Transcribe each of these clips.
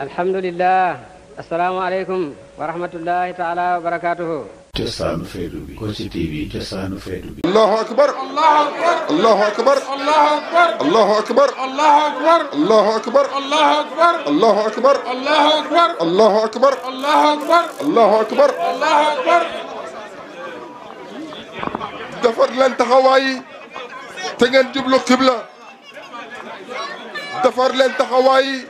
الحمد لله السلام عليكم ورحمة الله تعالى وبركاته جسان فيدوبي كوسي تي في جسان فيدوبي الله أكبر الله أكبر الله أكبر الله أكبر الله أكبر الله أكبر الله أكبر الله أكبر الله أكبر الله أكبر الله أكبر الله أكبر الله أكبر دفر لن تخواي تنجب له قبلة دفر لن تخواي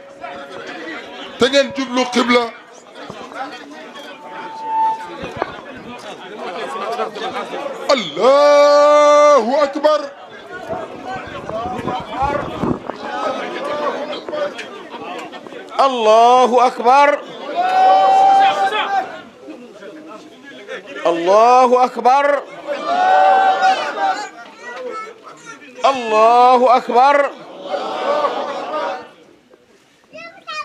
تجن جبلو قبلة الله أكبر الله أكبر الله أكبر الله أكبر, الله أكبر.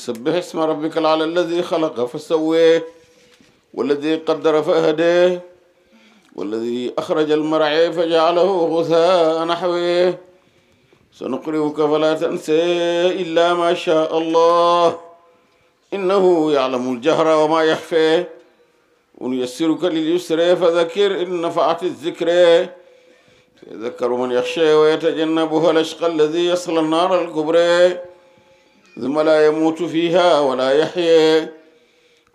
سبح اسم ربك العلى الذي خلق فسويه والذي قدر فهديه والذي أخرج المرعى فجعله غثاء نحوه سنقرئك فلا تنسى إلا ما شاء الله إنه يعلم الجهر وما يخفي ونيسرك لليسر فذكر إن نفعت الذكر فيذكر من يخشى ويتجنبها الأشقى الذي يصل النار الكبرى ثم لا يموت فيها ولا يحيى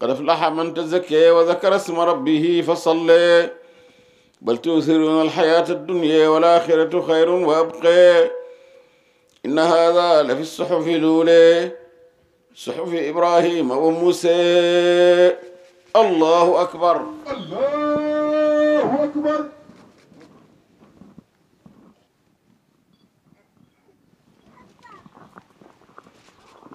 قد أفلح من تزكى وذكر اسم ربه فصلى بل تؤثرون الحياة الدنيا والآخرة خير وأبقى إن هذا لفي الصحف الأولى صحف إبراهيم وموسى الله أكبر الله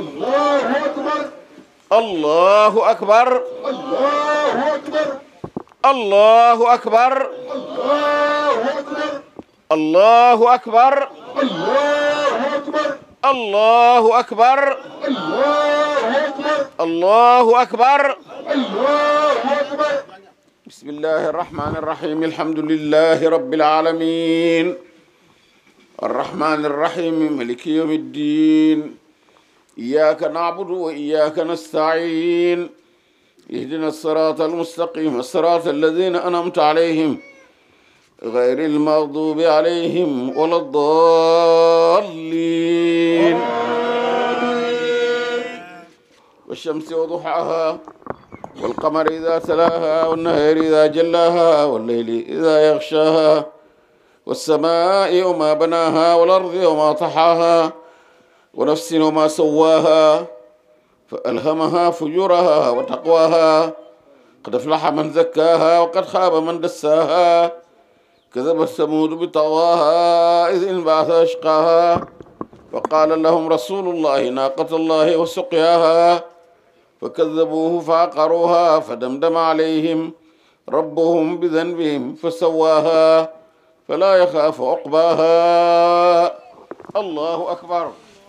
الله أكبر الله أكبر الله أكبر الله أكبر الله أكبر الله أكبر الله أكبر الله أكبر الله أكبر الله أكبر بسم الله الرحمن الرحيم الحمد لله رب العالمين الرحمن الرحيم ملك يوم الدين إياك نعبد وإياك نستعين اهدنا الصراط المستقيم الصراط الذين أنمت عليهم غير المغضوب عليهم ولا الضالين والشمس وضحاها والقمر إذا تلاها والنهر إذا جلاها والليل إذا يغشاها والسماء وما بناها والأرض وما طحاها ونفس وما سواها فألهمها فجورها وتقواها قد أفلح من زكاها وقد خاب من دساها كذبت ثمود بطواها إذ انبعث أشقاها فقال لهم رسول الله ناقة الله وسقياها فكذبوه فعقروها فدمدم عليهم ربهم بذنبهم فسواها فلا يخاف عقباها الله أكبر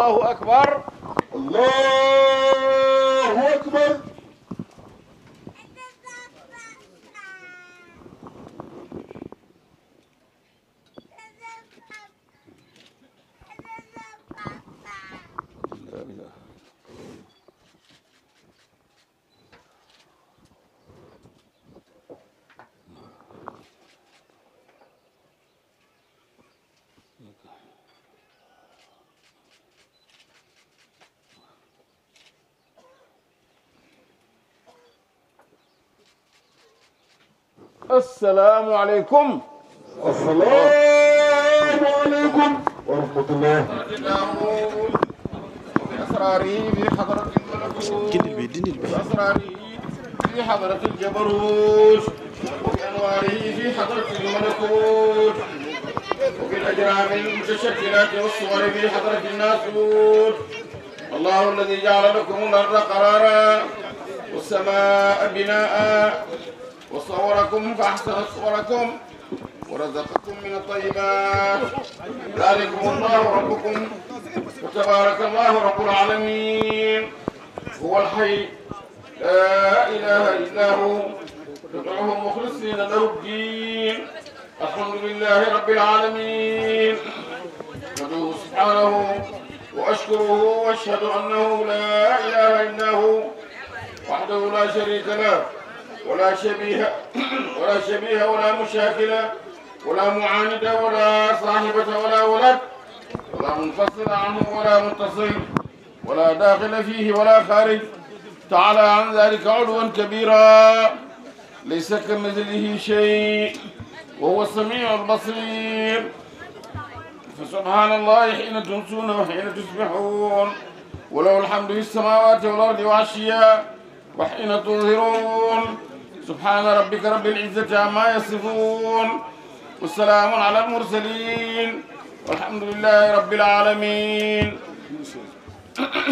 الله أكبر الله والسلام عليكم السلام عليكم ورحمة الله بأسراره في حضرة الملكوت بأسراره في حضرة الجبروت وبأنواره في حضرة الملكوت وبالأجرام المتشكلات والصور في حضرة الناسوت الله الذي جعل لكم الأرض قرارا والسماء بناء وصوركم فأحسن صوركم ورزقكم من الطيبات ذلكم الله ربكم وتبارك الله رب العالمين هو الحي لا إله إلا هو ندعوه مخلصين له الدين الحمد لله رب العالمين ندعوه سبحانه وأشكره وأشهد أنه لا إله إلا هو وحده لا شريك له ولا شبيه ولا شبيه ولا مشاكلة ولا معاندة ولا صاحبة ولا ولد ولا منفصل عنه ولا متصل ولا داخل فيه ولا خارج تعالى عن ذلك علوا كبيرا ليس كمثله شيء وهو السميع البصير فسبحان الله حين تنسون وحين تصبحون وله الحمد في السماوات والأرض وعشيا وحين تظهرون سبحان ربك رب العزة عما يصفون والسلام على المرسلين والحمد لله رب العالمين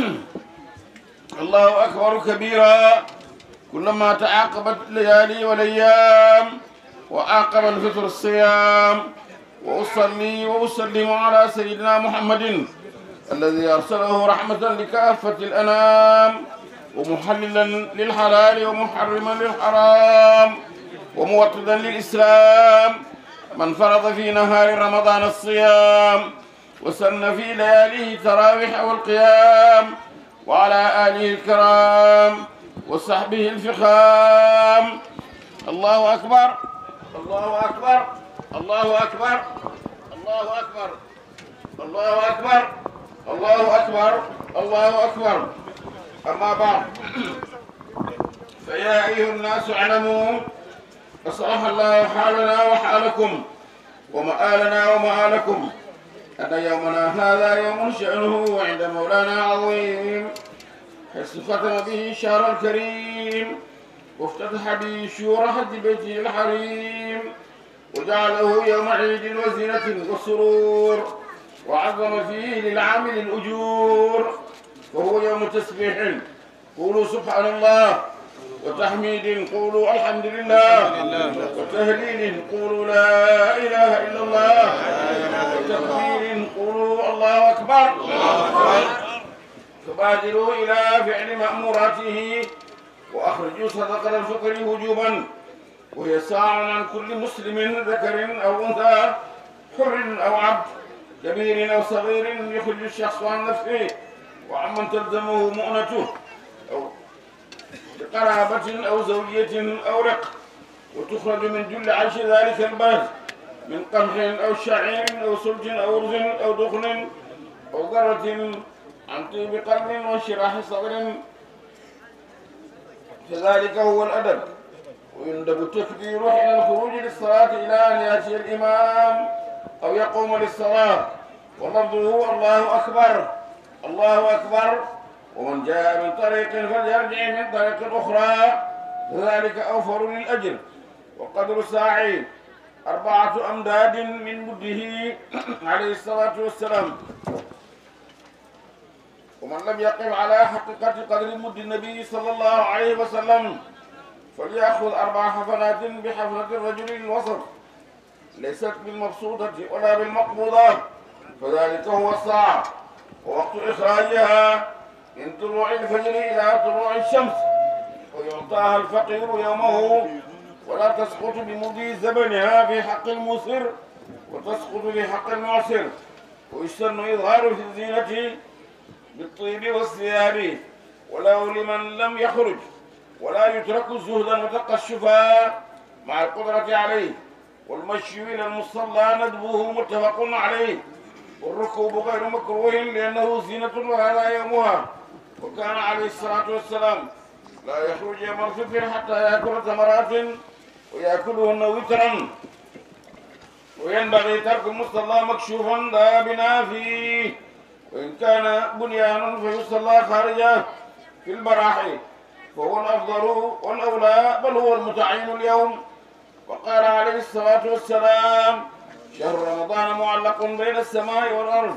الله أكبر كبيرا كلما تعاقبت الليالي والأيام وعاقب الفطر الصيام وأصلي وأسلم على سيدنا محمد الذي أرسله رحمة لكافة الأنام ومحللا للحلال ومحرما للحرام وموطدا للإسلام من فرض في نهار رمضان الصيام وسن في لياليه التراويح والقيام وعلى آله الكرام وصحبه الفخام الله أكبر الله أكبر الله أكبر الله أكبر الله أكبر الله أكبر الله أكبر, الله أكبر. أما بعد فيا أيها الناس اعلموا أصلح الله حالنا وحالكم ومآلنا ومآلكم أن يومنا هذا يوم شأنه وعند مولانا عظيم حيث ختم به الشهر الكريم وافتتح به شورى حج بيته الحريم وجعله يوم عيد وزينة وسرور وعظم فيه للعامل الأجور وهو يوم تسبيح قولوا سبحان الله وتحميد قولوا الحمد لله وتهليل قولوا لا إله إلا الله وتكبير قولوا الله أكبر تبادروا إلى فعل مأموراته وأخرجوا صدقة الفقر وجوبا وهي ساعة عن كل مسلم ذكر أو أنثى حر أو عبد كبير أو صغير يخرج الشخص عن نفسه وعمن تلزمه مؤنته أو بقرابة أو زوجية أو رق وتخرج من جل عيش ذلك البلد من قمح أو شعير أو سلج أو رز أو دخن أو ذرة عن طيب قلب وانشراح صدر كذلك هو الأدب ويندب التكبير حين الخروج للصلاة إلى أن يأتي الإمام أو يقوم للصلاة ولفظه الله أكبر الله أكبر ومن جاء من طريق فليرجع من طريق أخرى فذلك أوفر للأجر وقدر الساعي أربعة أمداد من مده عليه الصلاة والسلام ومن لم يقم على حقيقة قدر مد النبي صلى الله عليه وسلم فليأخذ أربع حفلات بحفلة الرجل الوسط ليست بالمبسوطة ولا بالمقبوضة فذلك هو الساعة ووقت إخراجها من طلوع الفجر إلى طلوع الشمس ويعطاها الفقير يومه ولا تسقط بمضي زمنها في حق المسر وتسقط في حق المعسر ويسن إظهار في الزينة بالطيب والثياب ولو لمن لم يخرج ولا يترك وتقى وتقشفا مع القدرة عليه والمشي إلى المصلى ندبه متفق عليه والركوب غير مكروه لأنه زينة لها لا يومها وكان عليه الصلاة والسلام لا يخرج مرفف حتى يأكل ثمرات ويأكلهن وترا وينبغي ترك المصلى مكشوفا لا بنا فيه وإن كان بنيان فيصلى خارجه في البراحي فهو الأفضل والأولى بل هو المتعين اليوم وقال عليه الصلاة والسلام شهر رمضان معلق بين السماء والأرض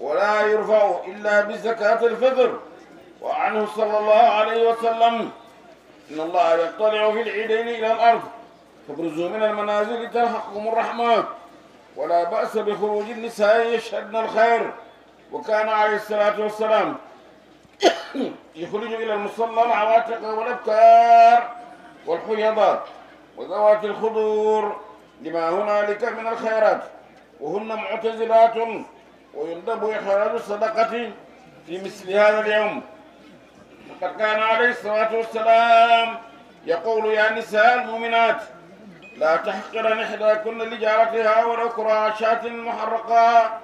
ولا يرفع إلا بزكاة الفطر وعنه صلى الله عليه وسلم إن الله يطلع في العيدين إلى الأرض فابرزوا من المنازل تلحقهم الرحمة ولا بأس بخروج النساء يشهدن الخير وكان عليه الصلاة والسلام يخرج إلى المصلى العواتق والأبكار والحيضات وذوات الخضور لما هنالك من الخيرات وهن معتزلات ويندب إخراج الصدقة في مثل هذا اليوم فقد كان عليه الصلاة والسلام يقول يا نساء المؤمنات لا تحقرن إحداكن لجارتها ولو كراشات شاة محرقة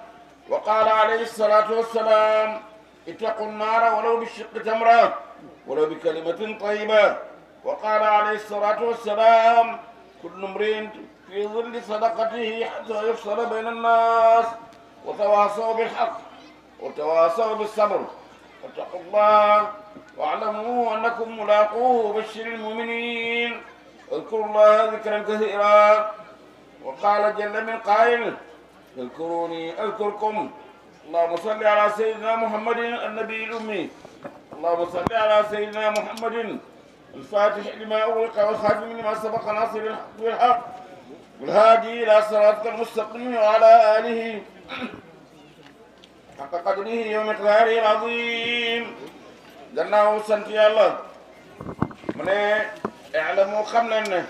وقال عليه الصلاة والسلام اتقوا النار ولو بشق تمرة ولو بكلمة طيبة وقال عليه الصلاة والسلام كل امرئ في ظل صدقته حتى يفصل بين الناس وتواصوا بالحق وتواصوا بالصبر واتقوا الله واعلموا انكم ملاقوه وبشر المؤمنين اذكروا الله ذكرا كثيرا وقال جل من قائل اذكروني اذكركم اللهم صل على سيدنا محمد النبي الامي اللهم صل على سيدنا محمد الفاتح لما اغلق والخاتم لما سبق ناصر الحق بالحق والهادي إلى صراطك المستقيم وعلى آله حق قدره ومقداره العظيم gannaaw sant yàlla mu ne i'lamu xam nañ ne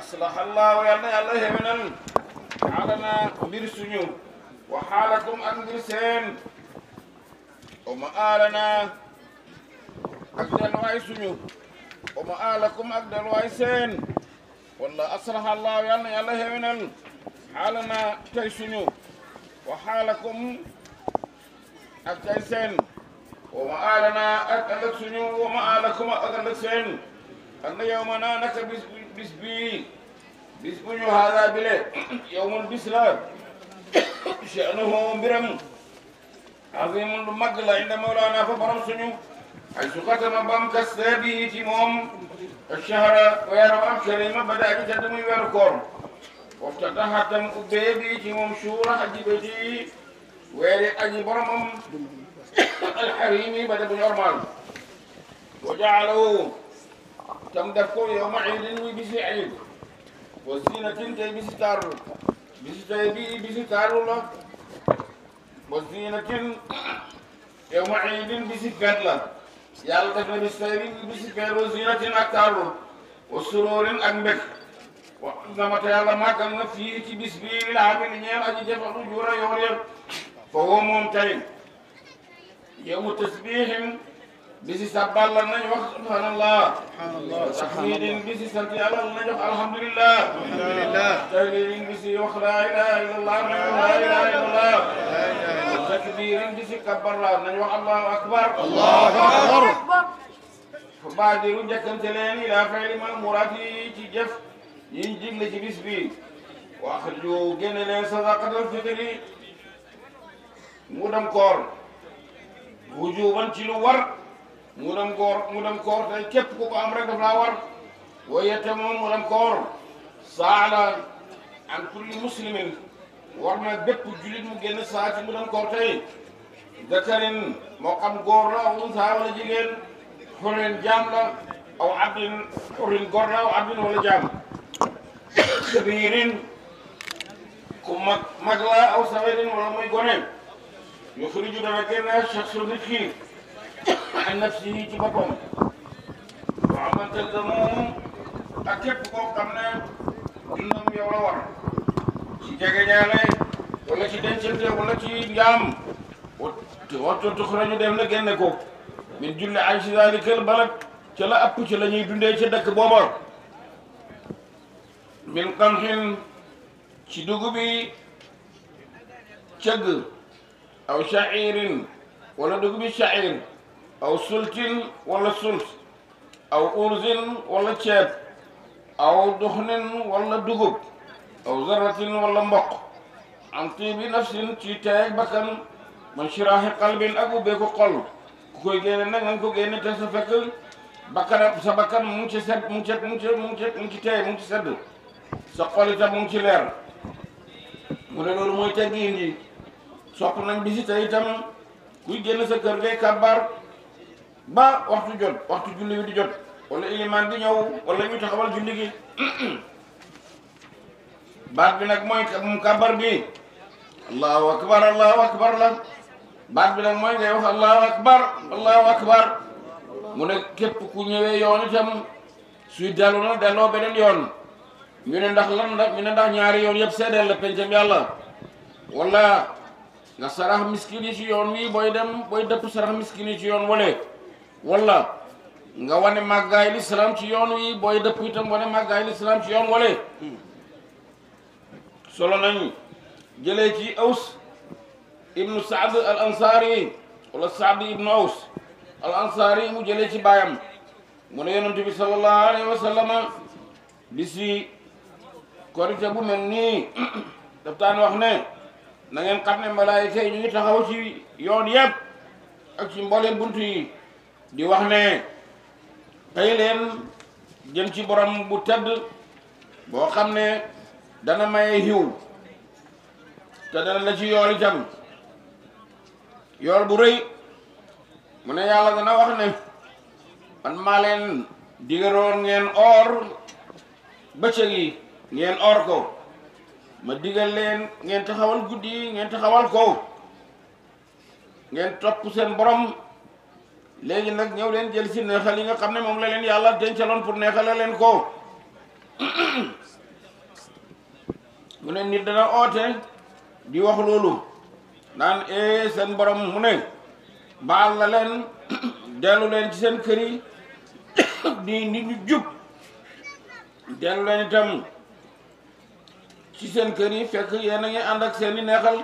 aslahallahu yàlla yàlla xéwénal xaalana mbir suñu wa xaalakum ak mbir seen wa ma aalana ak delluwaay suñu wa ma aalakum ak delluwaay seen والله أصلح الله يلا يلا هيمنا حالنا تيسنو وحالكم التيسن وما آلنا أكلك سنو وما آلكم أكلك سن أن يومنا نك بسبي بسبنو هذا بلا يوم البسلا شأنه برم عظيم المقلة عند مولانا فبرم سنو حيث قدم بام كسابي تيموم الشهر ويرم شريمة بدأ جتدم ويركور وافتتح تم أبيبي تيموم شورة بيتي ويري أجي برمم الحريمي بدأ بنورمال وجعلوا تم دفكور يوم عيد ويبسي عيد وزينة تي بسي تارو بسي تايبي بسي تارو لا والزينة يوم عيد بسي قدلا yàlla def na bis tey bi bisi keeru zinatin ak taaru wa suróorin ak mbég wax na ma te yàlla màggal na fii ci bis bii la amin ñeel aji jëfandu juura yoor yëpp foofu moom tey yow tasbixin bisi sabbal la nañ wax subhanallah tahmidin bisi sant yàlla nañ wax alhamdulillah alhamdulillah tey bisi wax laa ilaha illallah nañ wax laa ilaha illallah takbiran di si kabbar la nañu wax allahu akbar allahu akbar fa baadiru njëkkante leen ila fayli maamuraat yi ci jëf yiñ digle ci bis bi wa axriju génne leen sadaqatal fitri mu dem koor wujuban ci lu war mu dem koor mu dem koor te képp ku ko am rek daf laa war wa yette moom mu dem koor saala an kulli muslimin war na bépp jullit mu génn saa ci mu doon koor tey zakarin moo xam góor la aw unsa wala jigéen xorin jaam sabirin ku mag mag la aw sabirin wala muy yu xuriju dana génn chaxsu nit ki an nafsi yi man tëgg moom ak képp koo xam ne dundam ci jegeñaale wala ci dencante wala ci njaam wattu tuxraju dem na génne ko min julli an si zalikal balad ca la ëpp ci ca dëkk booba min qamhin ci dugub bi cëgg aw sha'irin wala dugub bi sha'ir aw sultin wala sult aw urzin wala ceeb aw duxnin wala dugub aw zarratin wala mboq am tii bi nafsin ci teeg bakkan man shiraahi qalbin ak ubbeeku xol ku koy génne nag nga ko génne te sa fekk bakkan sa bakkan mu ngi ci sedd mu ngi ci mu ngi mu ngi ci sedd sa xol itam mu ngi ci leer mu ne loolu mooy teggiin yi sopp na bi si tey itam kuy génn sa kër ngay kàbbaar ba waxtu jot waxtu julli wi di jot wala ilimaan di ñëw wala ñu taxawal julli gi baat bi nag mooy kabar bi allahu akbar allahu akbar la baat bi nag mooy ngay wax allahu akbar allahu akbar mu ne képp ku ñëwee yoon itam suy dellu na delloo beneen yoon ñu ne ndax lan la ñu ne ndax ñaari yoon yëpp seedeel la pencam yàlla wala nga sarax miskin yi ci yoon wi booy dem booy dëpp sarax miskin yi ci yoon wale wala nga wane màggaay lislaam ci yoon wi booy dëpp itam wane màggaay lislaam ci yoon wale solo nañu jele ci aws ibnu Sa'd al Ansari wala sa'd ibnu aws al Ansari mu jele ci bayam mu ne yonent bi sallallahu alaihi wasallam sallam bisi korita bu melni nii daf taan wax ne na ngeen xamne ne malaayika yi ñu ngi taxaw ci yoon yeb ak ci mbooleem buntu yi di wax ne tay leen jëm ci borom bu tedd bo xamne dana maye xiw te dana la ci yool itam yool bu rëy mu ne yàlla na wax ne man maa leen digaloon ngeen or bëccëg yi ngeen oor ko ma digal leen ngeen taxawal guddi yi ngeen taxawal ko ngeen topp seen borom léegi nag ñëw leen jël si neexal yi nga xam ne moom la leen yàlla dencaloon pour neexale leen ko mu ne nit dana oote di wax loolu naan e seen borom mu ne baal na leen dellu leen ci seen kër yi di nit ñu jub dellu leen itam ci seen kër yi fekk yéen a ngi ànd ak seen i neexal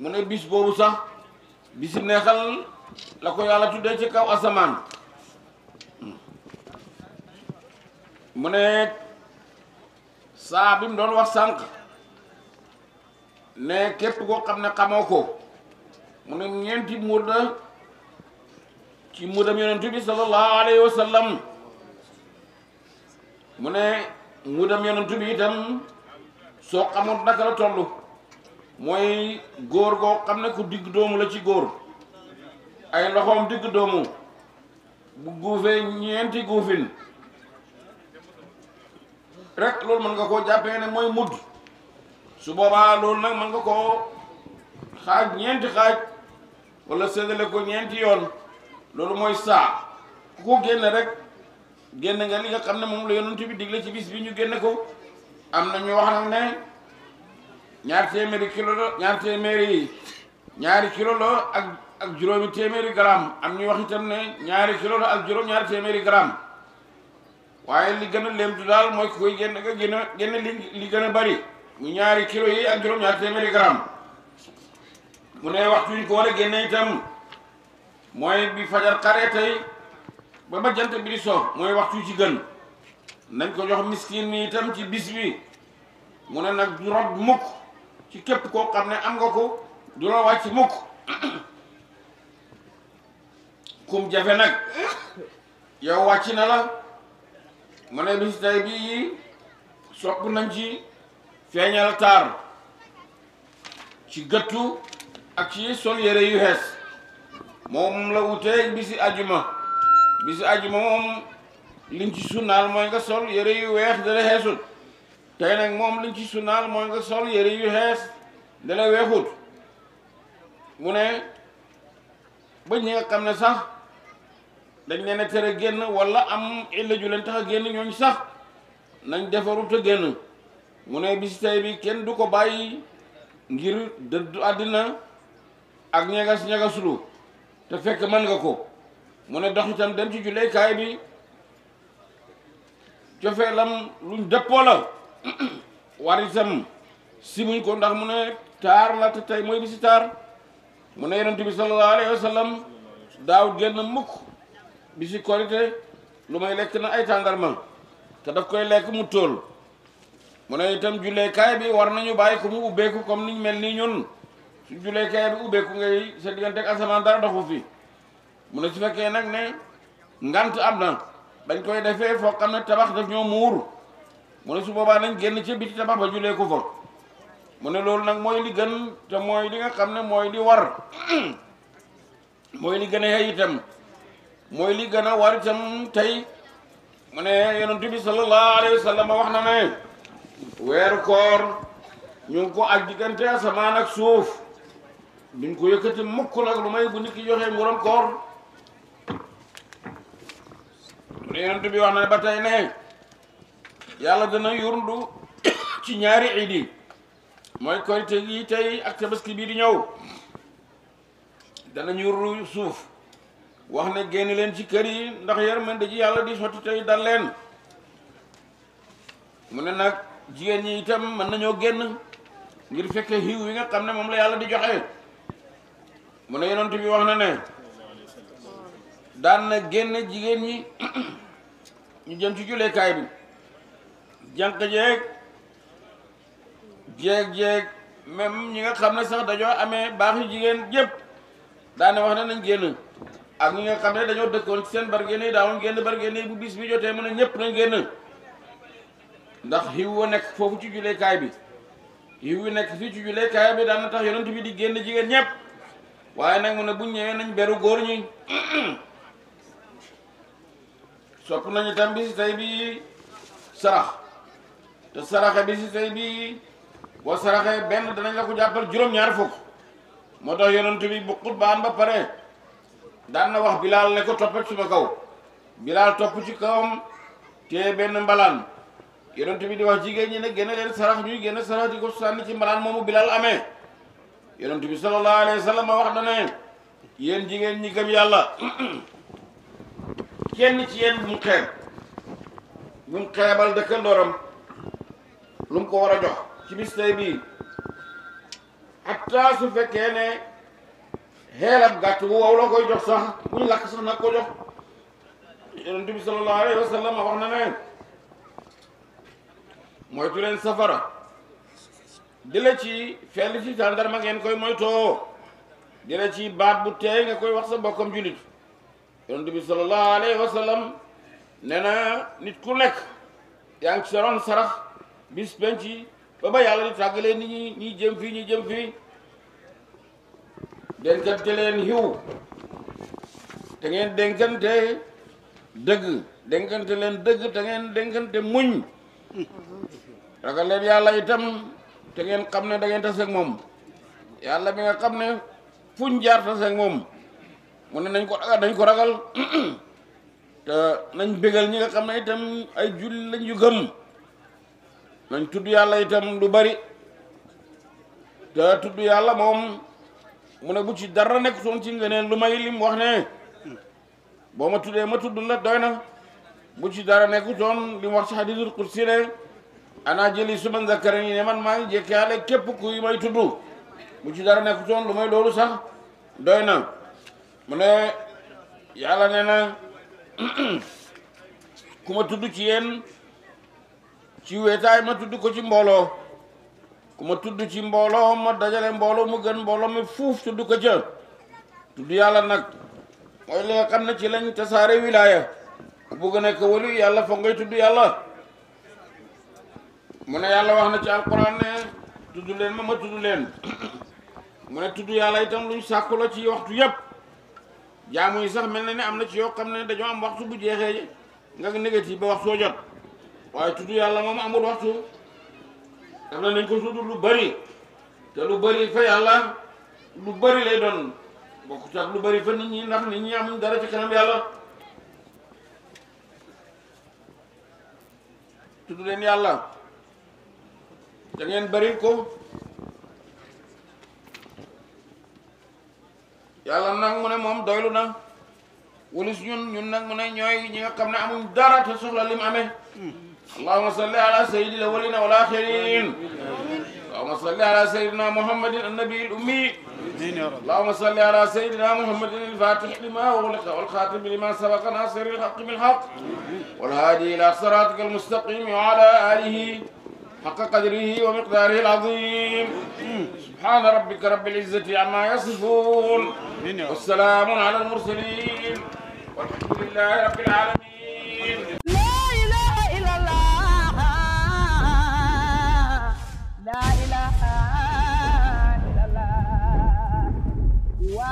mu ne bis boobu sax bisi neexal la ko yàlla tuddee ci kaw asamaan mu saa bi mu doon wax sànq ne képp koo xam ne xamoo ko mu ne ñeenti murda ci murdam yonentu bi sallallahu alayhi wa sallam mu ne murdam yonentu bi itam soo xamul naka la toll mooy góor goo xam ne ku digg doomu la ci góor ay loxoom digg doomu bu guufee ñeenti guufin rek loolu mën nga koo jàppee ne mooy mudd su boobaa loolu nag mën nga koo xaaj ñeenti xaaj walla séddale ko ñeenti yoon loolu mooy saa ku ko génne rek génne nga ni nga xam ne moom la yonent bi digle ci bis bi ñu génne ko am na ñu wax nag ne ñaar téeméeri kilo la ñaari kilo la ak ak juróomi téeméeri gramme am ñuy wax itam ne ñaari kilo la ak juróom ñaari téeméeri gramme waaye li gën a léem du daal mooy ku koy génn nga gën a génn li gën a bari mu ñaari kilo yi ak juróom-ñaari téeméeri gramme mu ne waxtu ñu ko war a génne itam mooy bi fajar xare tey ba ba jant bi di so mooy waxtu ci gën nañ ko jox miskin mi itam ci bis bi mu ne nag du rob mukk ci képp koo xam ne am nga ko du la wàcc mukk kum jafe nag yow wàcc na la mu ne bis bi bii sopp nañ ci feeñal taar ci gëttu ak ci sol yére yu xees moom la wutee bisi ajuma bisi ajuma moom liñ ci sunnaal mooy nga sol yére yu weex dala xeesut tey nag moom liñ ci sunnaal mooy nga sol yére yu xees dala weexut mu ne ba ñi nga xam ne sax dañ leen a tere génn wala am illa ju leen tax a génn ñooñ sax nañ defaru te génn mu ne bis tey bi kenn du ko bàyyi ngir dëdd àddina ak ñegas ñegasulu te fekk mën nga ko mu ne dox itam dem ci julleekaay bi cofeelam luñ dëppoo la war itam simuñ ko ndax mu ne taar la te tey mooy bisi taar mu ne bi sallallahu alayhi wa sallam génn mukk bisi korite lu may lekk na ay tàndarma te daf koy lekk mu tool mu ne itam julleekaay bi war nañu bàyyi ko mu ubbeeku comme niñ mel nii ñun su julleekaay bi ubbeeku ngay sa diggante ak asamaan dara doxu fi mu ne su fekkee nag ne ngant am na dañ koy defee foo xam ne tabax daf ñoo muur mu ne su boobaa nañ génn ci biti tabax ba jullee fa mu ne loolu nag mooy li gën te mooy li nga xam ne mooy li war mooy li gën a yey mooy li gën a war itam tey mu ne yonent bi sallallahu alayhi wa sallam wax na ne weeru koor ñu ko ak diggante asamaan ak suuf duñ ko yëkkati mukk nag lu may bu nit ki joxee koor mu ne yonent bi wax na ne ba tey ne yàlla dana yurndu ci ñaari iid mooy korite gi tey ak tabaski bii di ñëw dana suuf wax ne génn leen ci kër yi ndax yërmande ji yàlla di sotti tey dal leen mu ne nag jigéen ñi itam mën nañoo génn ngir fekke xiw yi nga xam ne moom la yàlla di joxe mu ne yonent bi wax na ne daan na génn jigéen ñi ñu jëm ci jullekaay bi jànq jeeg jeeg-jeeg même ñi nga xam ne sax dañoo amee baax yu jigéen yëpp daane wax ne nañ génn ak ñi nga xam dañu dekkon ci seen bargéen yi daawoon génn bargéen yi bu bis bi jotté mëna a ñëpp nañ génn ndax xiw wa nekk foofu ci kay bi xiw wi nekk fii ci kay bi daana tax yonent bi di génn jigéen ñëpp waye nak mëna bu ñëwé nañ bëru goor ñi sopp nañu tam bis tay bi sarax te sarax bi si tay bi boo saraxee ben dañ la ko jappal juroom ñaar fuk moo tax bi bu xutbaan ba paré daan na wax bilaal ne ko toppal suma kaw bilaal topp ci kawam te benn mbalaan yonent bi di wax jigéen ñi ne génne leen sarax ñuy génne sarax di ko sànni ci mbalaan moomu bilaal amee yonent bi sallallahu alayhi wa wax na ne yéen jigéen ñi gëm yàlla kenn ci yéen bu mu xeeb bu mu xeebal dëkkandooram lu ko war jox ci bis tey bii hatta su fekkee xeelab gàtt bu wow koy jox sax buñ lakk sax nag ko jox yonent bi sallallahu alayhi wa sallam wax na ne moytu leen safara di la ci fenn ci ma ngeen koy moytoo di ci baat bu teey nga koy wax sa bokkam julit yonent bi sallallahu alayhi wa sallam nee na nit ku nekk yaa ngi ci sa ron sarax bis penc ba ba yàlla di tàggalee nit ñi ñiy jëm fii ñi jëm fii denkante leen hiw te ngeen denkante dëgg denkante leen dëgg te ngeen denkante muñ ragal leen yàlla itam te ngeen xam ne da ngeen tase ak moom yàlla mi nga xam ne fuñ jaar tase ak moom mu ne nañ ko ragal nañ ko ragal te nañ bégal ñi nga xam ne itam ay julli lañ yu gëm nañ tudd yàlla itam lu bari te tudd yàlla moom mu ne bu ci dara nekk soon ci ngëneel lu may lim wax ne boo ma tuddee ma tudd la doy na bu ci dara nekk soon li mu wax ci hadisul kursi ne ana jëli suman zakarani ne man maa ngi jekkaale képp kuy may tudd bu ci dara nekk soon lu may loolu sax doy na mu ne yàlla nee na ku ma tudd ci yéen ci weetaay ma tudd ko ci mbooloo ku ma tudd ci mbooloo ma dajale mbooloo mu gën mbooloo mi fuuf tudd ko ca tudd yàlla nag mooy li nga xam ne ci lañ tasaare wilaaya ku bëgg nekk walu yàlla fa ngay tudd yàlla mu yàlla wax na ci alquran ne tudd leen ma ma tudd leen mu tudd yàlla itam luñ sàkku la ci waxtu yépp jaamu yi sax mel na ni am na ci yoo xam ne dañoo am waxtu bu jeexee nga négatif ba waxtoo jot waaye tudd yàlla moom amul waxtu daf nañ ko suudu lu bari te lu bari fa yalla lu bari lay don bokku tax lu bari fa nit ñi ndax nit ñi amuñ dara ci kanam yalla tuddu len yalla da ngeen bari ko yalla nak mu ne mom doylu na walis ñun ñun nak mu ne ñoy ñi nga xamne amuñ dara te soxla lim amé اللهم صل على سيد الاولين والاخرين اللهم صل على سيدنا محمد النبي الامي اللهم صل على سيدنا محمد الفاتح لما أغلق والخاتم لما سبق ناصر الحق بالحق والهادي إلى صراطك المستقيم وعلى آله حق قدره ومقداره العظيم سبحان ربك رب العزة عما يصفون والسلام على المرسلين والحمد لله رب العالمين